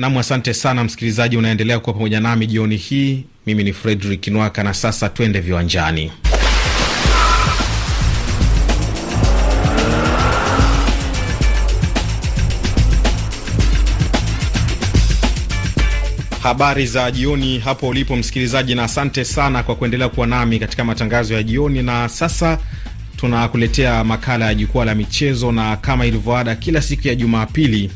Nam, asante sana msikilizaji, unaendelea kuwa pamoja nami jioni hii. Mimi ni Fredrik Nwaka na sasa twende viwanjani. Habari za jioni hapo ulipo msikilizaji, na asante sana kwa kuendelea kuwa nami katika matangazo ya jioni. Na sasa tunakuletea makala ya jukwaa la michezo, na kama ilivyoada kila siku ya Jumapili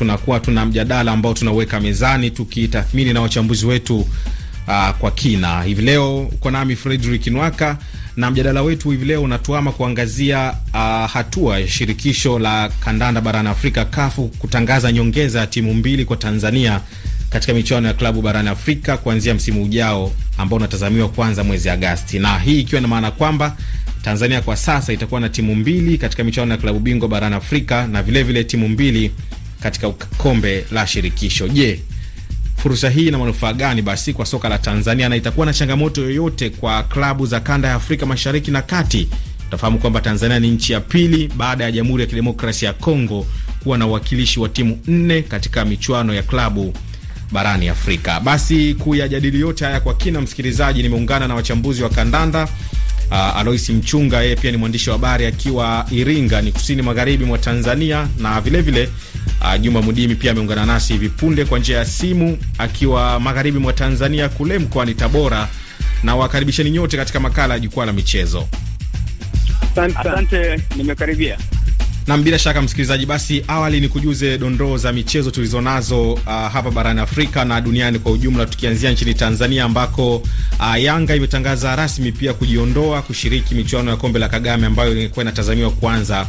tunakuwa tuna mjadala ambao tunaweka mezani tukitathmini na wachambuzi wetu uh, kwa kina. Hivi leo uko nami Fredrick Nwaka na mjadala wetu hivi leo unatuama kuangazia uh, hatua ya shirikisho la kandanda barani Afrika kafu kutangaza nyongeza ya timu mbili kwa Tanzania katika michuano ya klabu barani Afrika kuanzia msimu ujao ambao unatazamiwa kuanza mwezi Agasti, na hii ikiwa na maana kwamba Tanzania kwa sasa itakuwa na timu mbili katika michuano ya klabu bingwa barani Afrika na vilevile vile timu mbili katika kombe la shirikisho. Je, fursa hii ina manufaa gani basi kwa soka la Tanzania na itakuwa na changamoto yoyote kwa klabu za kanda ya Afrika Mashariki na Kati? Utafahamu kwamba Tanzania ni nchi ya pili baada ya Jamhuri ya Kidemokrasia ya Kongo kuwa na uwakilishi wa timu nne katika michuano ya klabu barani Afrika. Basi kuyajadili yote haya kwa kina, msikilizaji, nimeungana na wachambuzi wa kandanda uh, Alois Mchunga, yeye pia ni mwandishi wa habari akiwa Iringa, ni kusini magharibi mwa Tanzania, na vilevile Uh, Juma Mudimi pia ameungana nasi hivi punde kwa njia ya simu akiwa magharibi mwa Tanzania kule mkoani Tabora, na wakaribisheni nyote katika makala ya jukwaa la michezo. Asante, asante, nimekaribia nam. Bila shaka msikilizaji, basi awali ni kujuze dondoo za michezo tulizonazo uh, hapa barani Afrika na duniani kwa ujumla, tukianzia nchini Tanzania ambako uh, Yanga imetangaza rasmi pia kujiondoa kushiriki michuano ya kombe la Kagame ambayo ilikuwa inatazamiwa kuanza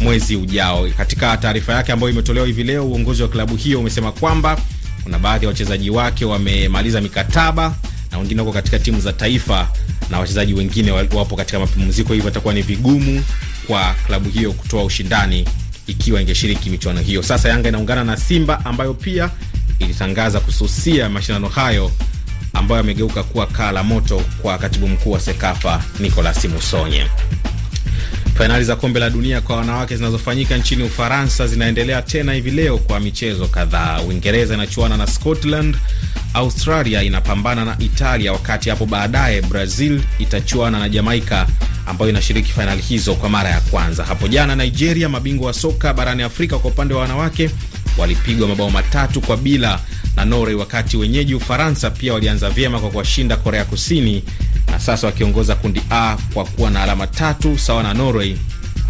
mwezi ujao. Katika taarifa yake ambayo imetolewa hivi leo, uongozi wa klabu hiyo umesema kwamba kuna baadhi ya wachezaji wake wamemaliza mikataba na wengine wako katika timu za taifa na wachezaji wengine wapo katika mapumziko, hivyo itakuwa ni vigumu kwa klabu hiyo kutoa ushindani ikiwa ingeshiriki michuano hiyo. Sasa Yanga inaungana na Simba ambayo pia ilitangaza kususia mashindano hayo ambayo yamegeuka kuwa kaa la moto kwa katibu mkuu wa Sekafa Nicolas Musonye. Fainali za kombe la dunia kwa wanawake zinazofanyika nchini Ufaransa zinaendelea tena hivi leo kwa michezo kadhaa. Uingereza inachuana na Scotland, Australia inapambana na Italia, wakati hapo baadaye Brazil itachuana na Jamaika ambayo inashiriki fainali hizo kwa mara ya kwanza. Hapo jana Nigeria, mabingwa wa soka barani Afrika kwa upande wa wanawake, walipigwa mabao matatu kwa bila na Norway, wakati wenyeji Ufaransa pia walianza vyema kwa kuwashinda Korea Kusini na sasa wakiongoza kundi A kwa kuwa na alama tatu sawa na Norway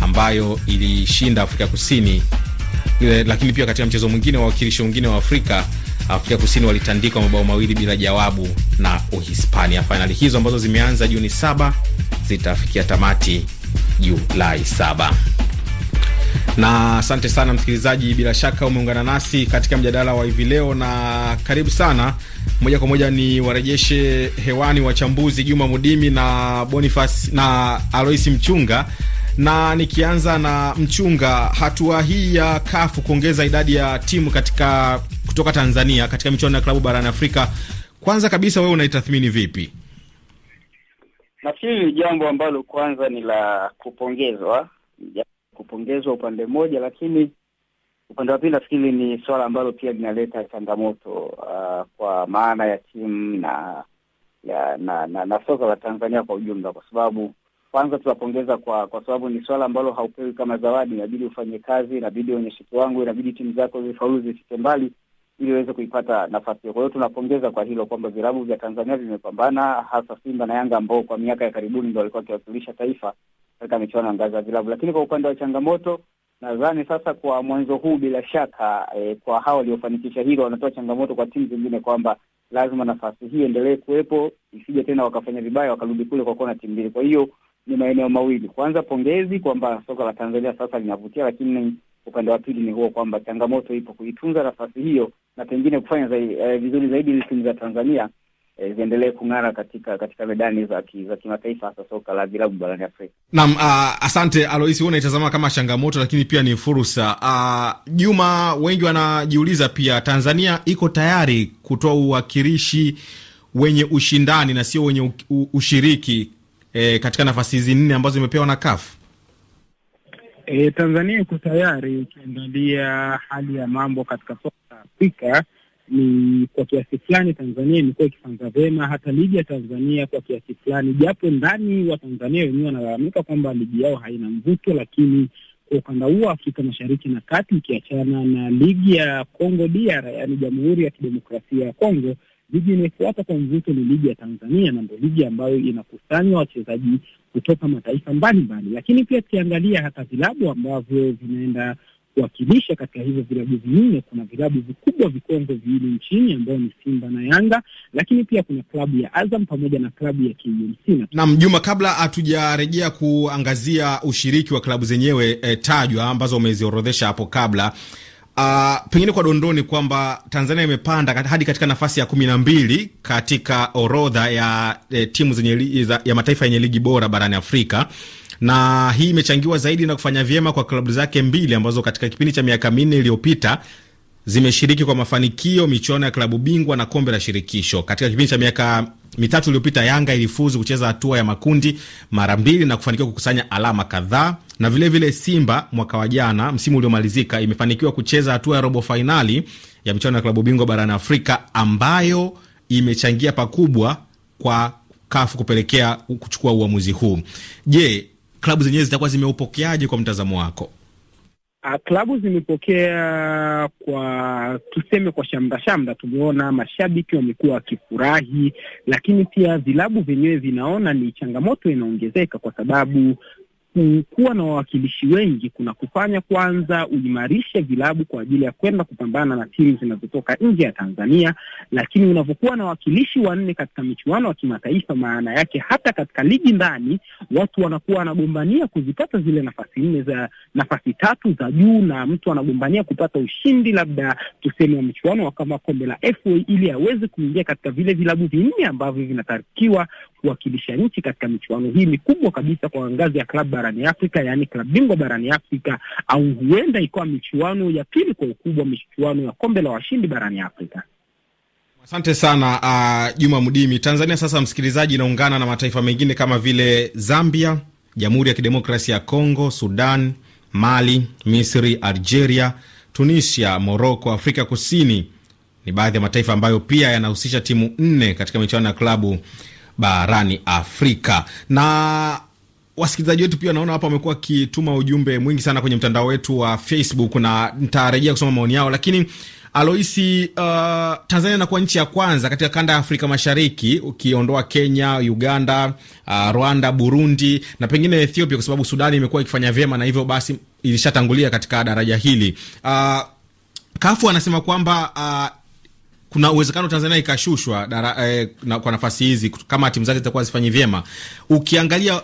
ambayo ilishinda Afrika Kusini E, Lakini pia katika mchezo mwingine, wa wakilishi wengine wa Afrika, Afrika Kusini walitandikwa mabao mawili bila jawabu na Uhispania. Fainali hizo ambazo zimeanza Juni saba zitafikia tamati Julai saba. Na asante sana msikilizaji, bila shaka umeungana nasi katika mjadala wa hivi leo, na karibu sana. Moja kwa moja ni warejeshe hewani wachambuzi Juma Mudimi na Boniface na Aloisi Mchunga na nikianza na Mchunga, hatua hii ya kafu kuongeza idadi ya timu katika kutoka Tanzania katika michuano ya klabu barani Afrika, kwanza kabisa wewe unaitathmini vipi? Nafikiri ni jambo ambalo kwanza ni la kupongezwa, kupongezwa upande mmoja, lakini upande wa pili nafikiri ni suala ambalo pia linaleta changamoto uh, kwa maana ya timu na ya, na, na, na soka la Tanzania kwa ujumla, kwa sababu kwanza tunapongeza kwa kwa sababu ni swala ambalo haupewi kama zawadi, inabidi ufanye kazi, inabidi uonyeshe kiwango, inabidi timu zako zifaulu zifike mbali ili uweze kuipata nafasi hiyo. Kwa hiyo tunapongeza kwa hilo kwamba vilabu vya Tanzania vimepambana, hasa Simba na Yanga ambao kwa miaka ya karibuni ndo walikuwa wakiwakilisha taifa katika michuano ya ngazi ya vilabu. Lakini kwa upande wa changamoto, nadhani sasa kwa mwanzo huu, bila shaka e, kwa hao waliofanikisha hilo, wanatoa changamoto kwa timu zingine kwamba lazima nafasi hii endelee kuwepo, isije tena wakafanya vibaya wakarudi kule kwa kuwa na timu mbili. Kwa hiyo ni maeneo mawili, kwanza pongezi kwamba soka la Tanzania sasa linavutia, lakini upande wa pili ni huo kwamba changamoto ipo kuitunza nafasi hiyo na pengine kufanya zaidi, eh, vizuri zaidi ili timu za Tanzania E, ziendelee kung'ara katika katika medani za za kimataifa hasa soka la vilabu barani Afrika. Naam, uh, asante Aloisi, wewe unaitazama kama changamoto lakini pia ni fursa. Uh, Juma, wengi wanajiuliza pia Tanzania iko tayari kutoa uwakilishi wenye ushindani na sio wenye ushiriki eh, katika nafasi hizi nne ambazo imepewa na CAF. E, Tanzania iko tayari ukiangalia hali ya mambo katika soka la Afrika ni kwa kiasi fulani Tanzania imekuwa ikifanza vema hata ligi ya Tanzania kwa kiasi fulani, japo ndani wa Tanzania wenyewe wanalalamika kwamba ligi yao haina mvuto, lakini kwa ukanda huo Afrika Mashariki na Kati, ukiachana na ligi ya Congo DR, yaani Jamhuri ya Kidemokrasia ya Kongo, ligi inayofuata kwa mvuto ni ligi ya Tanzania, na ndo ligi ambayo inakusanywa wachezaji kutoka mataifa mbalimbali. Lakini pia tukiangalia hata vilabu ambavyo vinaenda kuwakilisha katika hivyo vilabu vinne. Kuna vilabu vikubwa vikongwe viwili nchini ambayo ni Simba na Yanga, lakini pia kuna klabu ya Azam pamoja na klabu ya KMC. Naam, Juma, kabla hatujarejea kuangazia ushiriki wa klabu zenyewe eh, tajwa ambazo umeziorodhesha hapo kabla Uh, pengine kwa dondoni kwamba Tanzania imepanda kat, hadi katika nafasi ya kumi na mbili katika orodha ya e, timu zenye ya mataifa yenye ligi bora barani Afrika na hii imechangiwa zaidi na kufanya vyema kwa klabu zake mbili ambazo katika kipindi cha miaka minne iliyopita zimeshiriki kwa mafanikio michuano ya klabu bingwa na kombe la shirikisho. Katika kipindi cha miaka mitatu iliyopita, Yanga ilifuzu kucheza hatua ya makundi mara mbili na kufanikiwa kukusanya alama kadhaa, na vilevile vile Simba mwaka wa jana, msimu uliomalizika, imefanikiwa kucheza hatua ya robo fainali ya michuano ya klabu bingwa barani Afrika, ambayo imechangia pakubwa kwa kafu kupelekea kuchukua uamuzi huu. Je, klabu zenyewe zitakuwa zimeupokeaje kwa mtazamo wako? Ah, klabu zimepokea kwa tuseme, kwa shamra shamra. Tumeona mashabiki wamekuwa wakifurahi, lakini pia vilabu vyenyewe vinaona ni changamoto inaongezeka, kwa sababu kuwa na wawakilishi wengi kuna kufanya kwanza uimarishe vilabu kwa ajili ya kwenda kupambana na timu zinazotoka nje ya Tanzania, lakini unavyokuwa na wawakilishi wanne katika michuano ya kimataifa, maana yake hata katika ligi ndani watu wanakuwa wanagombania kuzipata zile nafasi nne za nafasi tatu za juu, na mtu anagombania kupata ushindi labda tuseme wa michuano kama kombe la FA ili aweze kuingia katika vile vilabu vinne ambavyo vinatarikiwa kuwakilisha nchi katika michuano hii mikubwa kabisa kwa ngazi ya klabu barani Afrika, yaani klabu bingwa barani Afrika, au huenda ikawa michuano ya pili kwa ukubwa, michuano ya kombe la washindi barani Afrika. Asante sana uh, Juma Mdimi. Tanzania sasa, msikilizaji, inaungana na mataifa mengine kama vile Zambia, Jamhuri ya Kidemokrasia ya Kongo, Sudan, Mali, Misri, Algeria, Tunisia, Moroko, Afrika Kusini ni baadhi ya mataifa ambayo pia yanahusisha timu nne katika michuano ya klabu barani Afrika. Na wasikilizaji wetu pia naona hapa wamekuwa wakituma ujumbe mwingi sana kwenye mtandao wetu wa Facebook na nitarejea kusoma maoni yao, lakini Aloisi, uh, Tanzania inakuwa nchi ya kwanza katika kanda ya Afrika Mashariki ukiondoa Kenya, Uganda, uh, Rwanda, Burundi na pengine Ethiopia, kwa sababu Sudani imekuwa ikifanya vyema na hivyo basi ilishatangulia katika daraja hili. Uh, Kafu anasema kwamba uh, kuna uwezekano Tanzania ikashushwa dara, eh, na, kwa nafasi hizi kama timu zake zitakuwa zifanyi vyema. Ukiangalia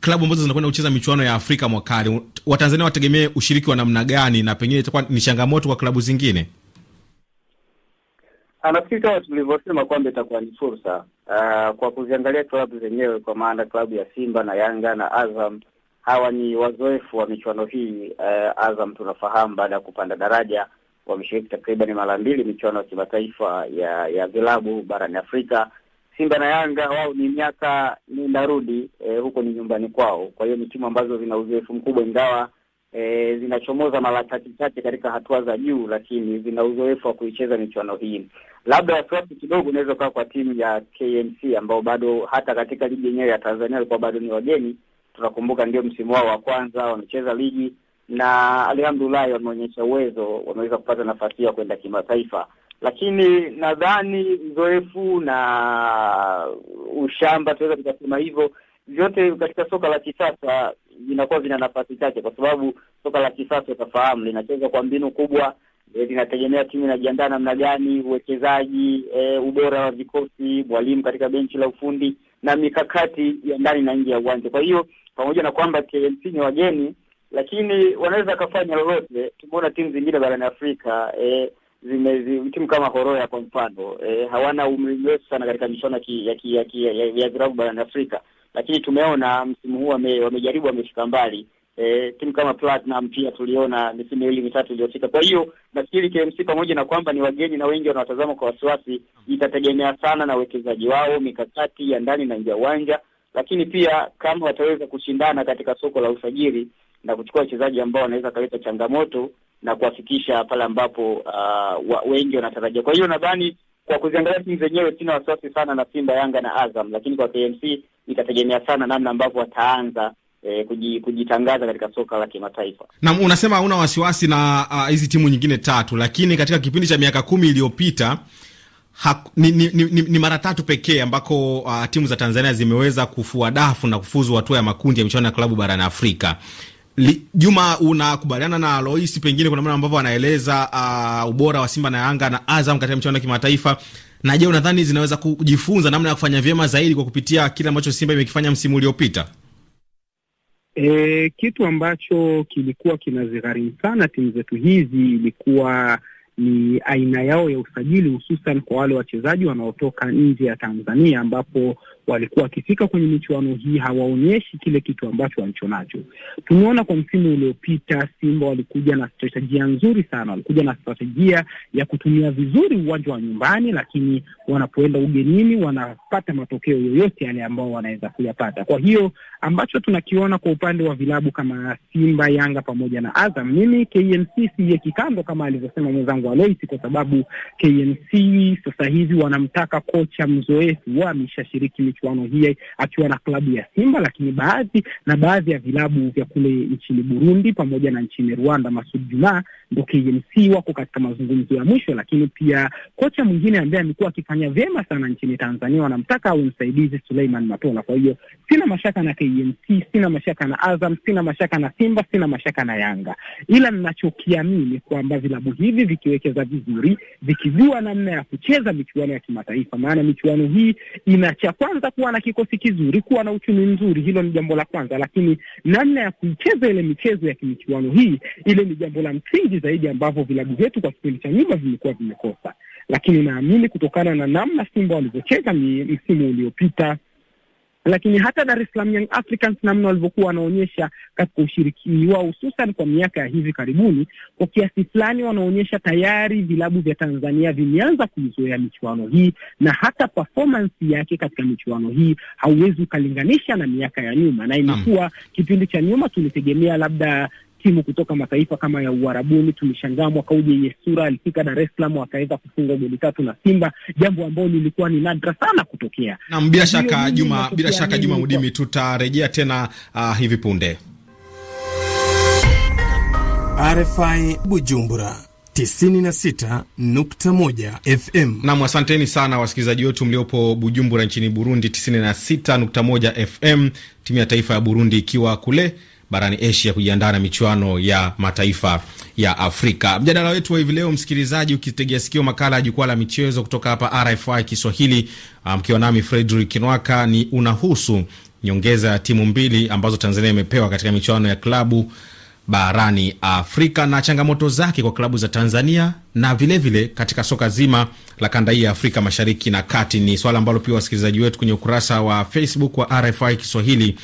klabu ambazo zinakwenda kucheza michuano ya Afrika mwakani, Watanzania wategemee ushiriki wa namna gani, na pengine itakuwa ni changamoto kwa klabu zingine? Ah, nafikiri kama tulivyosema kwamba itakuwa ni fursa uh, kwa kuziangalia klabu zenyewe, kwa maana klabu ya Simba na Yanga na Azam hawa ni wazoefu wa michuano hii. Uh, Azam tunafahamu baada ya kupanda daraja wameshiriki takriban mara mbili michuano ya kimataifa ya ya vilabu barani Afrika. Simba na Yanga wao ni miaka nenda rudi, e, huko ni nyumbani kwao. Kwa hiyo ni timu ambazo zina uzoefu mkubwa, ingawa eh, zinachomoza mara chache chache katika hatua za juu, lakini zina uzoefu wa kuicheza michuano hii. Labda wasiwasi kidogo unaweza ukawa kwa timu ya KMC ambao bado hata katika ligi yenyewe ya Tanzania walikuwa bado ni wageni. Tunakumbuka ndio msimu wao wa kwanza wamecheza ligi na alhamdulillah wameonyesha uwezo, wameweza kupata nafasi hiyo ya kwenda kimataifa, lakini nadhani uzoefu na ushamba, tunaweza tukasema hivyo, vyote katika soka la kisasa vinakuwa vina nafasi chache, kwa sababu soka la kisasa utafahamu linacheza kwa mbinu kubwa, linategemea eh, timu inajiandaa namna gani, uwekezaji e, ubora wa vikosi, mwalimu katika benchi la ufundi na mikakati ya ndani na nje ya uwanja. Kwa hiyo pamoja na kwamba KMC ni wageni lakini wanaweza wakafanya lolote. Tumeona timu zingine barani Afrika e, zime- timu kama Horoya kwa mfano e, hawana umri mrefu sana katika michuano ya virabu barani Afrika, lakini tumeona msimu huu wame, wamejaribu wamefika mbali. E, timu kama Platinum pia tuliona misimu miwili mitatu iliyofika. Kwa hiyo nafikiri KMC pamoja na kwamba ni wageni na wengi wanawatazama kwa wasiwasi, itategemea sana na uwekezaji wao, mikakati ya ndani na nje ya uwanja, lakini pia kama wataweza kushindana katika soko la usajili na kuchukua wachezaji ambao wanaweza wakaleta changamoto na kuwafikisha pale ambapo uh, wengi wanatarajia. Kwa hiyo nadhani kwa kuziangalia timu zenyewe sina wasiwasi sana na Simba, Yanga na Azam, lakini kwa KMC itategemea sana namna ambavyo wataanza eh, kuji, kujitangaza katika soka la kimataifa. Na unasema hauna wasiwasi na uh, hizi uh, timu nyingine tatu, lakini katika kipindi cha miaka kumi iliyopita ni, ni, ni, ni mara tatu pekee ambako uh, timu za Tanzania zimeweza kufua dafu na kufuzu hatua ya makundi ya michuano ya klabu barani Afrika. Li, Juma, unakubaliana na Aloisi, pengine kuna namna ambavyo anaeleza uh, ubora wa Simba na Yanga na Azam katika mchuano wa kimataifa, na je, unadhani zinaweza kujifunza namna ya kufanya vyema zaidi kwa kupitia kile ambacho Simba imekifanya msimu uliopita? E, kitu ambacho kilikuwa kinazigharimu sana timu zetu hizi ilikuwa ni aina yao ya usajili, hususan kwa wale wachezaji wanaotoka nje ya Tanzania, ambapo walikuwa wakifika kwenye michuano hii hawaonyeshi kile kitu ambacho walicho nacho. Tumeona kwa msimu uliopita Simba walikuja na strategia nzuri sana, walikuja na strategia ya kutumia vizuri uwanja wa nyumbani, lakini wanapoenda ugenini wanapata matokeo yoyote yale ambao wanaweza kuyapata. Kwa hiyo ambacho tunakiona kwa upande wa vilabu kama Simba, Yanga pamoja na Azam, mimi KMC siye kikando kama alivyosema mwenzangu Aloisi, kwa sababu KMC sasa hivi wanamtaka kocha mzoefu, wameshashiriki michuano hii akiwa na klabu ya Simba, lakini baadhi na baadhi ya vilabu vya kule nchini Burundi pamoja na nchini Rwanda. Masud Juma ndo KMC wako katika mazungumzo ya mwisho, lakini pia kocha mwingine ambaye amekuwa akifanya vyema sana nchini Tanzania wanamtaka awe msaidizi, Suleiman Matola. Kwa hiyo sina mashaka na KMC, sina mashaka na Azam, sina mashaka na Simba, sina mashaka na Yanga, ila ninachokiamini kwamba vilabu hivi vikiwekeza vizuri, vikijua namna ya kucheza michuano ya kimataifa, maana michuano hii ina cha kwanza kwanza kuwa na kikosi kizuri, kuwa na uchumi mzuri, hilo ni jambo la kwanza, lakini namna ya kuicheza ile michezo ya kimichuano hii, ile ni jambo la msingi zaidi ambavyo vilabu vyetu kwa kipindi cha nyuma vimekuwa vimekosa. Lakini naamini kutokana na namna Simba walivyocheza msimu uliopita lakini hata Dar es Salaam Young Africans namna walivyokuwa wanaonyesha katika ushiriki wao, hususan kwa miaka ya hivi karibuni, kwa kiasi fulani wanaonyesha tayari vilabu vya Tanzania vimeanza kuizoea michuano hii, na hata performance yake katika michuano hii hauwezi ukalinganisha na miaka ya nyuma, na imekuwa kipindi cha nyuma tulitegemea labda timu kutoka mataifa kama ya Uarabuni. Tulishangaa mwaka huu yenye sura alifika Dar es Salaam akaweza kufunga goli tatu na Simba, jambo ambalo lilikuwa ni nadra sana kutokea. Naam, bila shaka Juma, bila shaka Juma Mdimi, tutarejea tena uh, hivi punde. RFI Bujumbura 96.1 FM. Nam, asanteni sana wasikilizaji wetu mliopo Bujumbura nchini Burundi 96.1 FM, timu ya taifa ya Burundi ikiwa kule barani Asia kujiandaa na michuano ya mataifa ya Afrika. Mjadala wetu wa hivi leo, msikilizaji, ukitegea sikio makala ya jukwaa la michezo kutoka hapa RFI Kiswahili, ah, mkiwa um, nami Fredrik Kinwaka, ni unahusu nyongeza ya timu mbili ambazo Tanzania imepewa katika michuano ya klabu barani Afrika na changamoto zake kwa klabu za Tanzania na vilevile vile katika soka zima la kanda hii ya Afrika Mashariki na Kati. Ni swala ambalo pia wasikilizaji wetu kwenye ukurasa wa Facebook wa RFI Kiswahili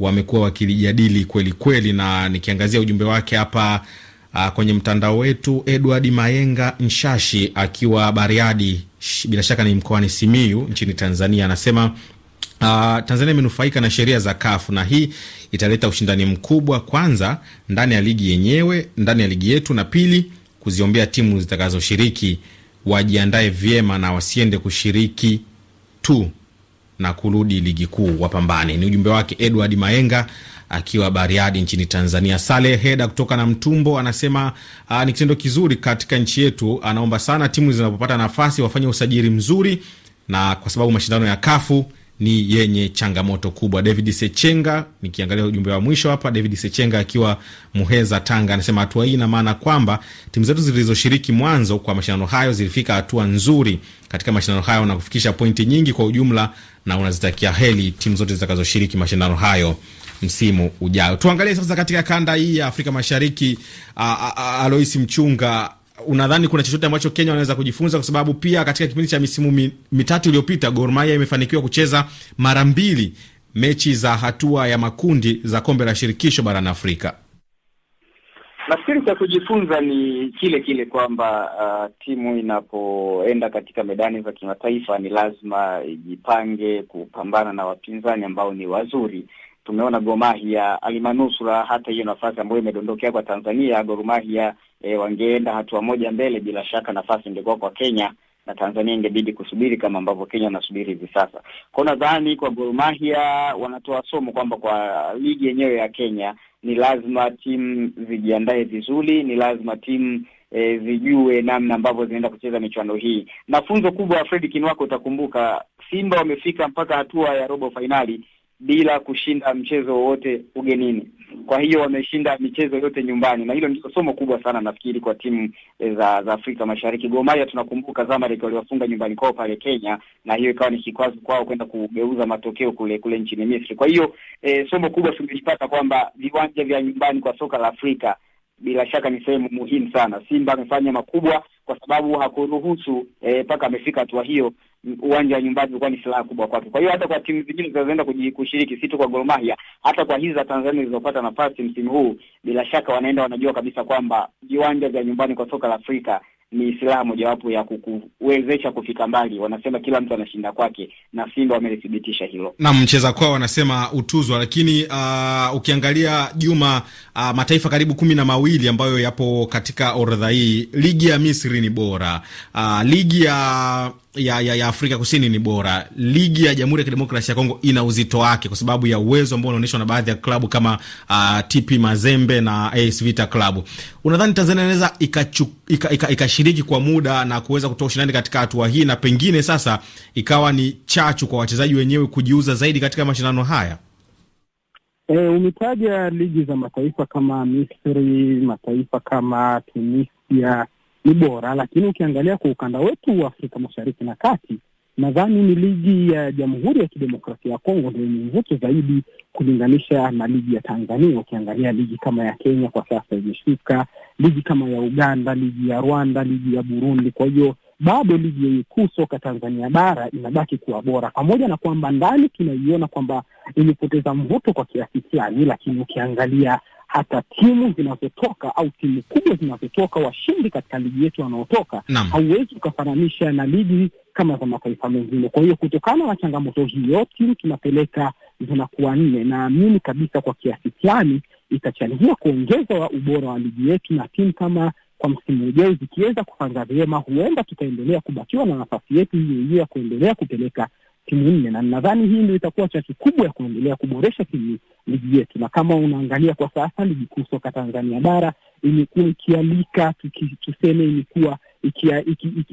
wamekuwa wakilijadili kweli kweli, na nikiangazia ujumbe wake hapa uh, kwenye mtandao wetu, Edward Mayenga Nshashi akiwa Bariadi, bila shaka ni mkoani Simiyu nchini Tanzania, anasema Uh, Tanzania imenufaika na sheria za kafu na hii italeta ushindani mkubwa, kwanza ndani ya ligi yenyewe, ndani ya ligi yetu, na pili kuziombea timu zitakazoshiriki wajiandae vyema na wasiende kushiriki tu na kurudi ligi kuu wapambane. Ni ujumbe wake Edward Maenga akiwa Bariadi nchini Tanzania. Saleh Heda kutoka na Mtumbo anasema uh, ni kitendo kizuri katika nchi yetu. Anaomba sana timu zinapopata nafasi wafanye usajili mzuri, na kwa sababu mashindano ya Kafu ni yenye changamoto kubwa. David Sechenga, nikiangalia ujumbe wa mwisho hapa, David Sechenga akiwa Muheza, Tanga, anasema hatua hii ina maana kwamba timu zetu zilizoshiriki mwanzo kwa mashindano hayo zilifika hatua nzuri katika mashindano hayo na kufikisha pointi nyingi kwa ujumla, na unazitakia heli timu zote zitakazoshiriki mashindano hayo msimu ujao. Tuangalie sasa katika kanda hii ya Afrika Mashariki. Aloisi Mchunga unadhani kuna chochote ambacho Kenya wanaweza kujifunza, kwa sababu pia katika kipindi cha misimu mitatu iliyopita Gor Mahia imefanikiwa kucheza mara mbili mechi za hatua ya makundi za kombe la shirikisho barani Afrika. Nafikiri cha kujifunza ni kile kile kwamba uh, timu inapoenda katika medani za kimataifa ni lazima ijipange kupambana na wapinzani ambao ni wazuri. Tumeona Gor Mahia alimanusura hata hiyo nafasi ambayo imedondokea kwa Tanzania. Gor Mahia e, wangeenda hatua moja mbele, bila shaka nafasi ingekuwa kwa Kenya na Tanzania ingebidi kusubiri kama ambavyo Kenya wanasubiri hivi sasa. Kwa nadhani kwa Gor Mahia wanatoa somo kwamba kwa ligi yenyewe ya Kenya ni lazima timu zijiandae vizuri, ni lazima timu e, zijue namna ambavyo zinaenda kucheza michuano hii. Na funzo kubwa ya Fred Kinwako, utakumbuka Simba wamefika mpaka hatua ya robo fainali bila kushinda mchezo wowote ugenini. Kwa hiyo wameshinda michezo yote nyumbani, na hilo ndio somo kubwa sana nafikiri kwa timu eh, za za Afrika Mashariki. Gor Mahia tunakumbuka Zamalek waliwafunga nyumbani kwao pale Kenya, na hiyo ikawa ni kikwazo kwao kwenda kugeuza matokeo kule kule nchini Misri. Kwa hiyo eh, somo kubwa tumelipata kwamba viwanja vya nyumbani kwa soka la Afrika bila shaka ni sehemu muhimu sana. Simba amefanya makubwa kwa sababu hakuruhusu eh, mpaka eh, amefika hatua hiyo. Uwanja wa nyumbani ulikuwa ni silaha kubwa kwake. Kwa hiyo hata kwa timu zingine zinazoenda kushiriki, si tu kwa Gor Mahia, hata kwa hizi za Tanzania zilizopata nafasi msimu huu, bila shaka wanaenda wanajua kabisa kwamba viwanja vya nyumbani kwa soka la Afrika ni silaha mojawapo ya kukuwezesha kufika mbali. Wanasema kila mtu anashinda kwake, na Simba wamelithibitisha hilo na mcheza kwao, wanasema utuzwa. Lakini uh, ukiangalia Juma, uh, mataifa karibu kumi na mawili ambayo yapo katika orodha hii, ligi ya Misri ni bora, uh, ligi ya ya, ya, ya Afrika Kusini ni bora. Ligi ya Jamhuri ya Kidemokrasia ya Kongo ina uzito wake kwa sababu ya uwezo ambao unaonyeshwa na baadhi ya klabu kama uh, ah, TP Mazembe na AS Vita Club. Unadhani Tanzania inaweza ikashiriki ika, ika, ika kwa muda na kuweza kutoa ushindani katika hatua hii na pengine sasa ikawa ni chachu kwa wachezaji wenyewe kujiuza zaidi katika mashindano haya? E, umetaja ligi za mataifa kama Misri, mataifa kama Tunisia ni bora, lakini ukiangalia kwa ukanda wetu wa Afrika Mashariki na Kati, nadhani ni ligi ya Jamhuri ya Kidemokrasia ya Kongo ndio yenye mvuto zaidi kulinganisha na ligi ya Tanzania. Ukiangalia ligi kama ya Kenya kwa sasa imeshuka, ligi kama ya Uganda, ligi ya Rwanda, ligi ya Burundi. Kwa hiyo bado ligi yenye kuu soka Tanzania bara inabaki kuwa bora, pamoja na kwamba ndani tunaiona kwamba imepoteza mvuto kwa kiasi fulani, lakini ukiangalia hata timu zinazotoka au timu kubwa zinazotoka, washindi katika ligi yetu wanaotoka, hauwezi ukafananisha na ligi kama za mataifa mengine. Kwa hiyo kutokana na changamoto hiyo, timu tunapeleka zinakuwa nne. Naamini kabisa kwa kiasi fulani itachangia kuongeza ubora wa ligi yetu, na timu kama kwa msimu ujao zikiweza kupanga vyema, huenda tutaendelea kubakiwa na nafasi yetu hiyo hiyo ya kuendelea kupeleka timu nne, na nadhani hii ndio itakuwa chachu kubwa ya kuendelea kuboresha timu ligi yetu. Na kama unaangalia kwa sasa ligi kuu soka Tanzania bara imekuwa ikialika, tuseme, imekuwa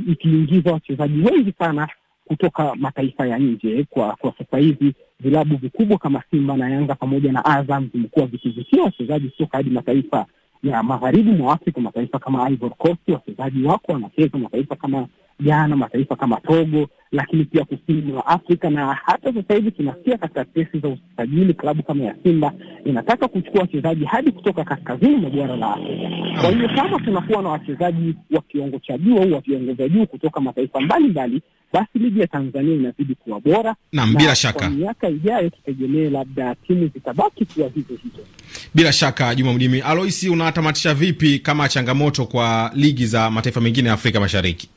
ikiingiza wachezaji wengi sana kutoka mataifa ya nje. Kwa kwa sasa hivi vilabu vikubwa kama Simba na Yanga pamoja na Azam vimekuwa vikivutia wachezaji soka hadi mataifa ya magharibi mwa Afrika, mataifa kama Ivory Coast, wachezaji wako wanacheza mataifa kama jana mataifa kama Togo, lakini pia kusini mwa Afrika. Na hata sasa hivi tunasikia katika kesi za usajili, klabu kama ya Simba inataka kuchukua wachezaji hadi kutoka kaskazini mwa bara la Afrika. Kwa hiyo kama tunakuwa na wachezaji wa kiwango cha juu au wa viwango vya juu kutoka mataifa mbalimbali, basi ligi ya Tanzania inazidi kuwa bora, na bila shaka miaka ijayo tutegemee labda timu zitabaki kuwa hizo hizo. Bila shaka, Juma Mdimi. Aloisi, unatamatisha vipi kama changamoto kwa ligi za mataifa mengine ya Afrika Mashariki?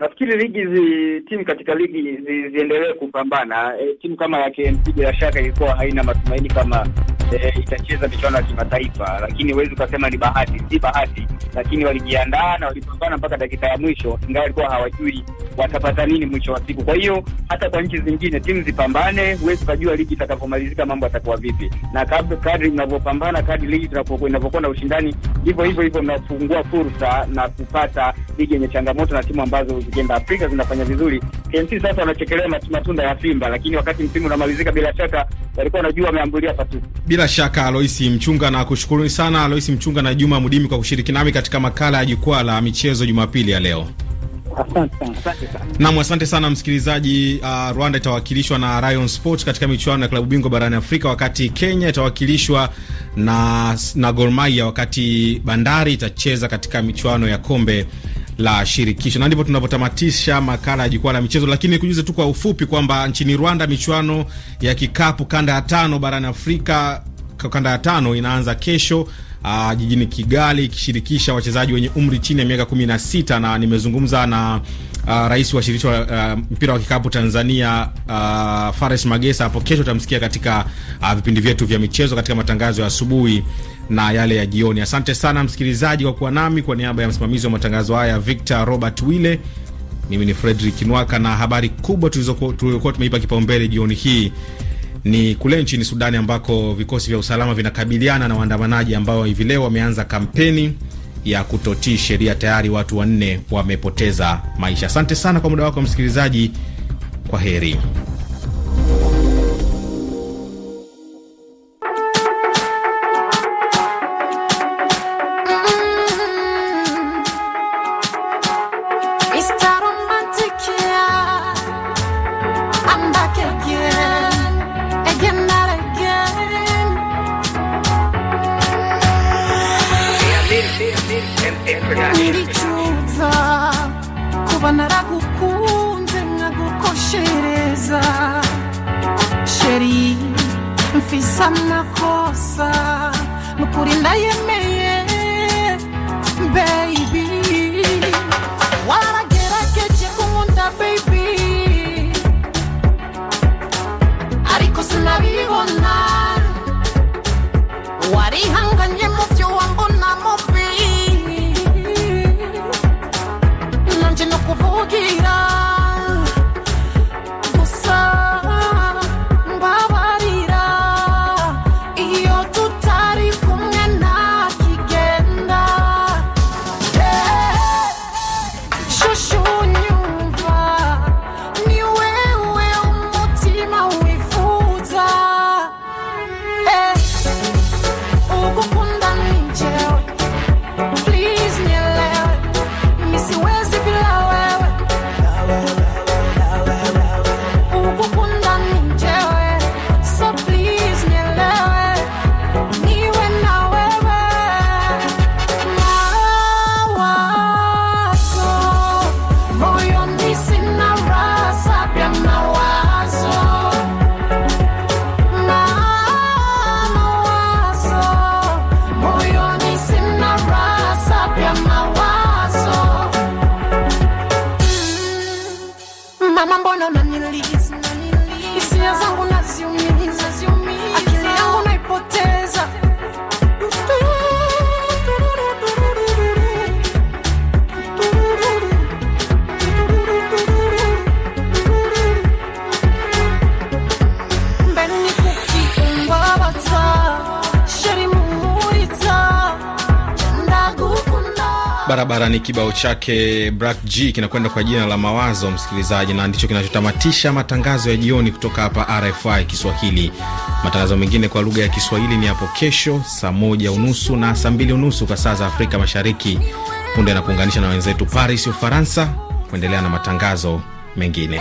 Nafikiri ligi zi, timu katika ligi zi, ziendelee kupambana. E, timu kama ya KMC bila shaka ilikuwa haina matumaini kama e, itacheza michuano ya kimataifa, lakini huwezi ukasema ni bahati. Si bahati, lakini walijiandaa na walipambana mpaka dakika ya mwisho, ingawa walikuwa hawajui watapata nini mwisho wa siku. Kwa hiyo hata kwa nchi zingine timu zipambane, huwezi ukajua ligi itakapomalizika mambo yatakuwa vipi, na kadri mnavyopambana, kadri ligi inavyokuwa na ushindani, hivyo hivyo hivyo mnafungua fursa na kupata ligi yenye changamoto na timu ambazo zikienda Afrika zinafanya vizuri. KMC sasa wanachekelea matunda ya Simba, lakini wakati msimu unamalizika, bila shaka walikuwa wanajua wameambulia patu Bila shaka, Aloisi Mchunga na kushukuruni sana Aloisi Mchunga na Juma Mudimi kwa kushiriki nami katika makala ya jukwaa la michezo Jumapili ya leo nam asante sana. msikilizaji. Uh, Rwanda itawakilishwa na Rayon Sport katika michuano ya klabu bingwa barani Afrika, wakati Kenya itawakilishwa na, na Gor Mahia, wakati Bandari itacheza katika michuano ya kombe la shirikisho. Na ndivyo tunavyotamatisha makala ya jukwaa la michezo, lakini nikujuze tu kwa ufupi kwamba nchini Rwanda michuano ya kikapu kanda ya tano barani Afrika, kanda ya tano inaanza kesho uh, jijini Kigali ikishirikisha wachezaji wenye umri chini ya miaka 16 na nimezungumza na uh, rais wa shirikisho uh, mpira wa kikapu Tanzania uh, Fares Magesa. Hapo kesho utamsikia katika uh, vipindi vyetu vya michezo katika matangazo ya asubuhi na yale ya jioni. Asante sana msikilizaji kwa kuwa nami. Kwa niaba ya msimamizi wa matangazo haya Victor Robert Wile, mimi ni Fredrick Nwaka na habari kubwa tulizokuwa tumeipa kipaumbele jioni hii ni kule nchini Sudani ambako vikosi vya usalama vinakabiliana na waandamanaji ambao hivi leo wameanza kampeni ya kutotii sheria. Tayari watu wanne wamepoteza maisha. Asante sana kwa muda wako msikilizaji, kwa heri. barabara ni Kibao chake Black G kinakwenda kwa jina la Mawazo, msikilizaji, na ndicho kinachotamatisha matangazo ya jioni kutoka hapa RFI Kiswahili. Matangazo mengine kwa lugha ya Kiswahili ni hapo kesho saa moja unusu na saa mbili unusu kwa saa za Afrika Mashariki. Punde na kuunganisha na wenzetu Paris, Ufaransa, kuendelea na matangazo mengine.